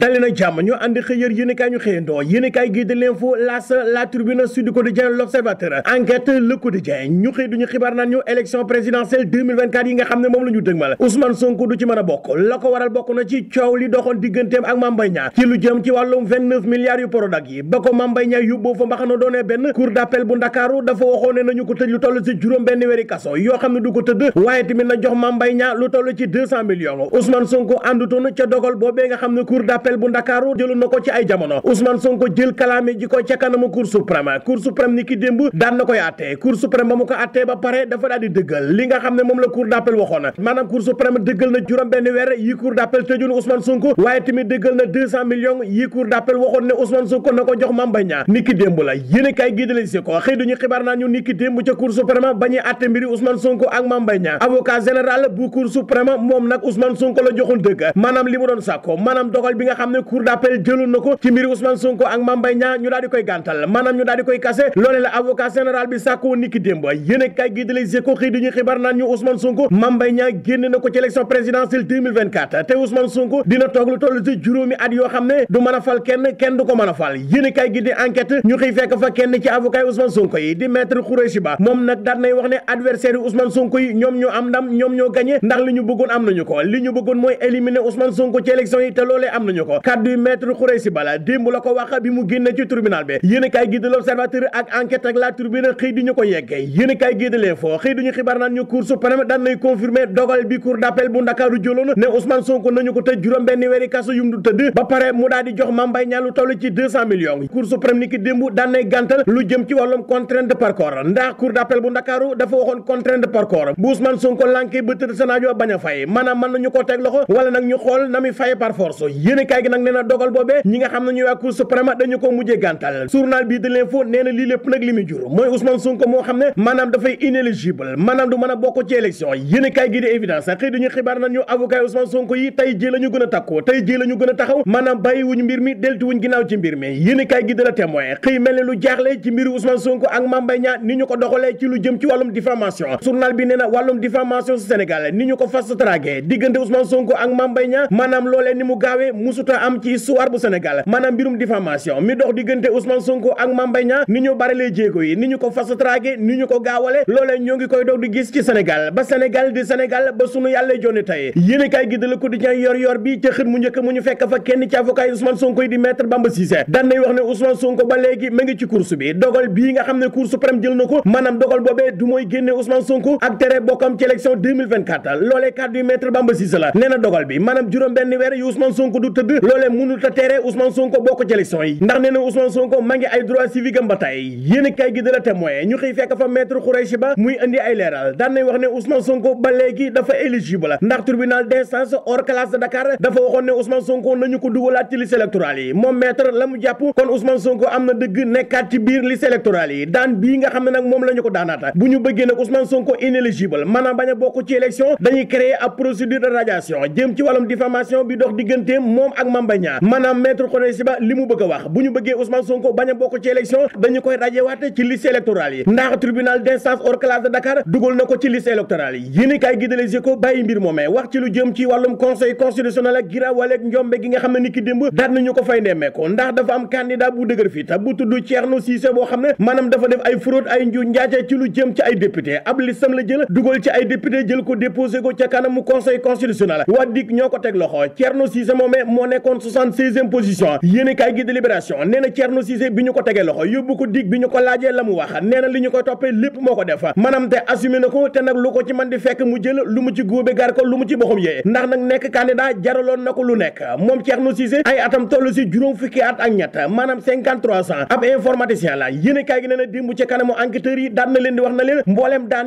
dali jàmm ñoo àndi xëyër yéenekaay ñu xëyandoo yéenekaay gii di l'info las la tribune sud quotidien l'observateur enquête le quotidien ñu xëy duñu xibaar naan ñu élection présidentielle yi nga xam ne moom la ñu dëgmal Ousmane Sonko du ci mën bokk la ko waral bokk na ci coow li doxoon digganteem ak Mame ci lu jëm ci wàllum 29 milliards yu Prodac yi ba ko Mame yóbboo fa mbaxana doonee benn cour d'appel bu Ndakaaru dafa waxoon ne nañu ko tëdd waaye appel bu ndakaaru jëloon na ko ci ay jamono Ousmane Sonko jël kalaame ji ko ca kanamu cour suprême cour suprême ni ki démb daan na koy àttee cour suprême ba mu ko àttee ba pare dafa daal dëggal li nga xam ne moom la cour d'appel waxoon na juróom benn weer dëggal na 200 yi cour d'appel waxoon ne Ousmane Sonko na ko jox Mame Mbaye Niang démb la yéen kay gii si ko xëy duñu xibaar naa ñu ni démb ca cour suprême ba ñuy àtte mbiri Ousmane xam ne cour d'appel jëloon na ko ci mbiri Ousmane Sonko ak Mame Mbaye Niang ñu daal di koy gàntal maanaam ñu daal di koy kase loole la avocat général bi sàkkoo niki démb yéene kay gi di Les Échos xëy di ñu xibaar naan ñu Ousmane Sonko Mame Mbaye génn na ko ci élection présidentielle 2024 te Ousmane Sonko dina toog lu toll ci juróomi at yoo xam ne du mën a fal kenn kenn du ko mën a fal yéene kay gi di ñu xëy fekk fa kenn ci avocat yi Ousmane Sonko yi di maître Khoureyssi Ba moom nag wax ne adversaire yi Ousmane yi ñoo am ndam ñoom ñoo gagné ndax li ñu bëggoon am nañu ko ñu bëggoon mooy éliminer Ousmane Sonko ci te loolee am nañu ko kaddu yi maître Khoureyssi Bala démb la ko wax bi mu génne ci tribunal bi yéenekaay gi de l'Observateur ak enquête ak la tribune xëy di ñu ko yeggee yéenekaay gi de l'info xëy duñu xibaar naan ñu cour suprême daan nay dogal bi cour d'appel bu Ndakaaru jëloon ne Ousmane Sonko nañu ko tëj juróom benn weeri kaso yum du tëdd ba pare mu daal di jox Mame Mbaye lu toll ci 200 millions cour suprême ni ki démb daan nay lu jëm ci wàllum contrainte kaay nag nee dogal boobee ñi nga xam ne ñuy waa Cour dañu ko mujjee gàntal journal bii de l'info nee lii lépp nag li jur mooy Ousmane Sonko moo xam ne maanaam dafay inéligible maanaam du mën a bokk ci élection yéen kaay gi di évidence xëy duñu xibaar nañu avocat Ousmane Sonko yi tey ji la gën a taxaw maanaam bàyyi mbir mi deltu ginnaaw ci mbir mi yéen kaay gi de la xëy mel ne lu jaaxle ci mbiru Ousmane Sonko ak Mame Mbaye ni ñu mësuta am ci histoire bu Sénégal maanaam mbirum diffamation mi dox diggante Ousmane Sonko ak Mame ni ñu baralee jéego yi ni ñu ko fast tracké ni ñu ko gaawale loolee ñoo ngi koy doog di gis ci Sénégal ba Sénégal di Sénégal ba sunu yàlla jonni tey yéene kaay gi de Le Quotidien yor yor bi ca xët mu njëkk mu ñu fekk fa kenn ci avocat yi Ousmane yi di maître Bamba Cissé daan wax ne Ousmane Sonko ba léegi ma ngi ci course bi dogal bii nga xam ne Cour suprême loolee mënul ta tere Ousmane Sonko bokk ci élection yi ndax nee na Ousmane Sonko ma ngi ay droit civique am ba tey kay gi da la témoin ñu xëy fekk fa maître Khoureychi Ba muy indi ay leeral daan wax ne Ousmane Sonko ba léegi dafa éligible ndax tribunal d'instance hors classe de Dakar dafa waxoon ne Ousmane Sonko nañu ko dugalaat ci liste électorale yi moom maître la mu jàpp kon Ousmane Sonko am na dëgg nekkaat ci biir liste électorale yi daan bii nga xam a bokk ci ak Mame Mbaye Ba li mu bëgg a wax bu ñu bëggee Ousmane Sonko bañ a bokk ci élection dañu koy rajewaate ci liste électorale yi ndax tribunal d'instance hors classe de Dakar dugal na ko ci liste électorale yi yéen i kaay gi bàyyi mbir moomee wax ci lu jëm ci wàllum conseil constitutionnel ak gira waleeg njombe gi nga xam ne ni ki démb daan nañu ko fay nemmeeko ndax dafa am candidat bu dëgër fi ta bu tudd Thierno Cissé boo xam ne nekkoon 76e position yéen i kaay gi délibération nee na Thierno Cissé bi ñu ko tegee loxo yóbbu ko dig bi ñu ko laajee la mu wax nee li ñu koy toppee lépp moo ko def maanaam te assumé na ko te nag lu ko ci man di fekk mu jël lu mu ci góobe gar ko lu mu ci boxum yee ndax nag nekk candidat jaraloon na ko lu nekk moom Thierno ay atam toll si juróom fukki at ak ñett maanaam ab informaticien la yéen i kaay gi nee na ci kanamu enquêteurs yi na leen di wax na leen mbooleem daan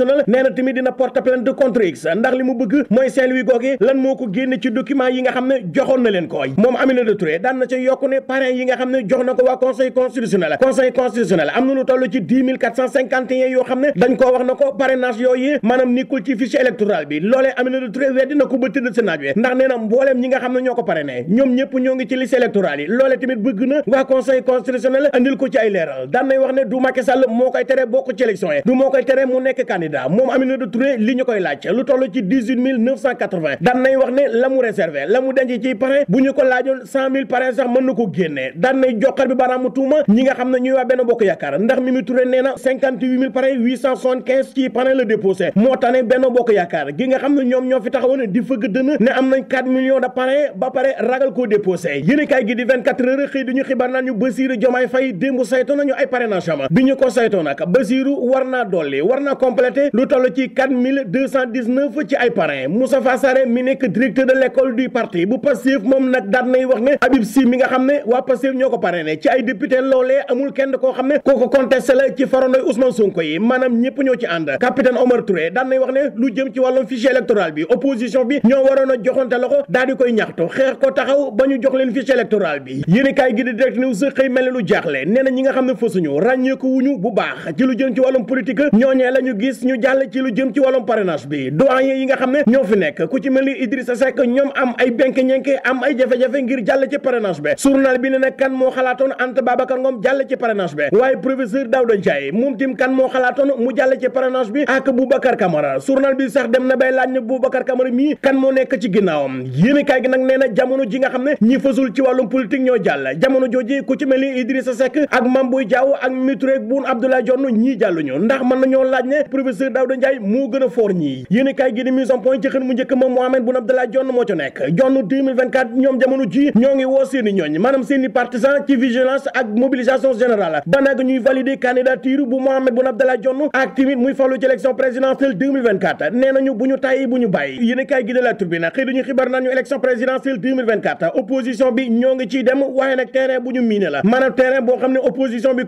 constitutionnel nee na tamit dina porte plainte de contre x ndax li mu bëgg mooy Saint-Louis googi lan moo ko génne ci document yi nga xam ne joxoon na leen kooy moom Aminata Touré daan na ca yokku yi nga xam ne jox na ko waa conseil constitutionnel conseil constitutionnel am na lu toll ci 10 451 yoo xam ne dañ koo wax na ko parrainage yooyu maanaam nikkul ci fichier électoral bi loolee Aminata Touré weddi na ko ba si naaj we ndax nee na mbooleem ñi nga xam ne ñoo ko parrainé ñoom ñëpp ñoo ngi ci liste électorale yi loolee tamit bëgg na waa conseil constitutionnel andil ko ci ay leeral daan nay wax ne du Macky Sall moo koy tere bokk ci élection yi candidat moom Aminata Touré li ñu koy laaj lu toll ci dix huit mille neuf cent quatre vingt daan nay wax ne la mu réservé la mu denc ci parrain bu ñu ko laajoon cent mille parrain sax mën na ko génnee daan nay joxar bi baraamu tuuma ñi nga xam ne ñuy waa benn bokk yaakaar ndax Mimi Touré nee na cinquante huit cent soixante ci parrain la déposé moo tane benn bokk yaakaar gi nga xam ne ñoom ñoo fi taxawoon di fëgg dënn ne am nañu ay parrainage am bi recruté lu toll ci ci ay parrain Moustapha Sarré mi nekk directeur de l'école du parti bu Pastef moom nag daan wax ne Habib Sy mi nga xam ne waa Pastef ñoo ko parrainé ci ay député loolee amul kenn koo xam ne kooko contesté la ci farandoy Ousmane Sonko yi maanaam ñëpp ñoo ci ànd capitaine Omar Touré daan wax ne lu jëm ci wàllum fichier électoral bi opposition bi ñoo waroon a joxante loxo daal koy ñaxtu xeex ko taxaw ba ñu jox leen fichier électoral bi yéene kaay gi ñu jàll ci lu jëm ci wàllum parrainage bi doyen yi nga xam ne ñoo fi nekk ku ci mel ni Idrissa Seck ñoom am ay benk-ñenke am ay jafe-jafe ngir jàll ci parrainage bi journal bi ne nag kan moo xalaatoon mu jàll ci parrainage bi ak Boubacar Camara journal bi sax dem na bay laaj ne Boubacar Camara mii kan moo nekk ci ginnaawam yéene kaay gi nag nee na jamono ji nga xam ne ñi fasul ci wàllum politique ñoo jàll jamono jooji ku ci mel ni Idrissa Seck ak ak Mimi professeur Daouda moo gën foor ñii yéene kaay gi di en point ci xën mu njëkk ma Mohamed Boun Abdallah Dionne moo ci nekk Dionne ñoom jamono ji ñoo ngi woo seeni ñooñ maanaam seeni partisan ci vigilance ak mobilisation générale banaaga ñuy valider candidature bu Mohamed Boun Abdallah Dionne ak timit muy falu ci élection présidentielle nee nañu bu ñu tàyyi bu ñu bàyyi yéene kaay gi bi nag terrain ñu miine la maanaam terrain opposition bi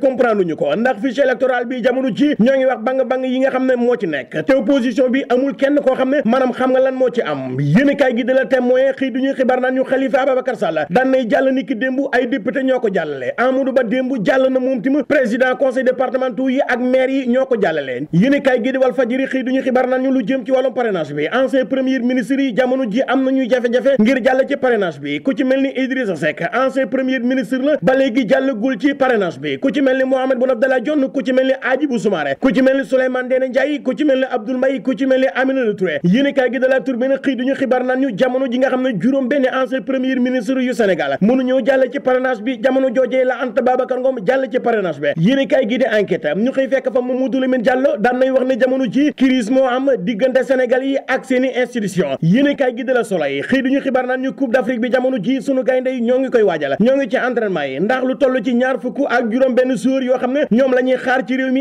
ñoo ngi wax moo ci nekk te opposition bi amul kenn koo xam ne maanaam xam nga lan moo ci am yéenekaay gi de la témoin xëy duñuy xibaar naan ñu Khalifa Ababacar Sall daan nay jàll ni démb ay député ñoo ko jàllale Amadou Ba démb jàll na moom tamit président conseil départemental yi ak maire yi ñoo ko jàllale yéenekaay gi di Walf Fadjri xëy duñuy xibaar naan ñu lu jëm ci wàllum parrainage bi ancien premier ministre yi jamono ji am nañuy jafe-jafe ngir jàll Mbaye ku ci mel ne Abdoul Mbaye ku ci mel ne Aminata Touré yéenekaay gi de La Tribune xëy duñu xibaar naan ñu ji nga xam ne juróom benn ancien premier ministre yu Sénégal mënuñoo jàll ci parrainage bi jamono joojee la Anta Babacar Ngom jàll ci parrainage bi yéenekaay gi de Enquête ñu xëy fekk fa Mamadou Lamine Diallo daan nay wax ne jamono ji crise moo am diggante Sénégal yi ak seeni institution yéenekaay gi de La Soleil xëy duñu xibaar naan Coupe d'Afrique koy waajal ñoo ngi ci entraînement yi ndax lu toll ci ñaar fukk ak juróom benn yoo xam ne ñoom la ñuy xaar ci réew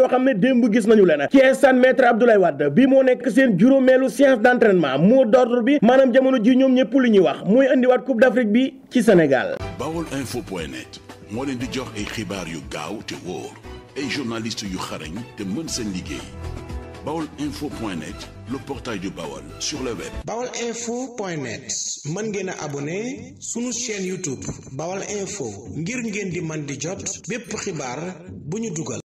yoo xam ne démb gis nañu leen ci stade maître Abdoulaye Wade bi moo nekk seen juróomeelu séance d'entraînement mot d'ordre bi maanaam jamono ji ñoom ñëpp li ñuy wax mooy indiwaat coupe d'Afrique bi ci Sénégal. Baolinfo.net moo leen di jox ay xibaar yu gaaw te wóor ay journalistes yu xarañ te mën seen liggéey. baolinfo.net le portail du Baol sur le web. baolinfo.net mën ngeen a abonné sunu chaîne YouTube Baol Info ngir ngeen di mën di jot bépp xibaar bu ñu dugal.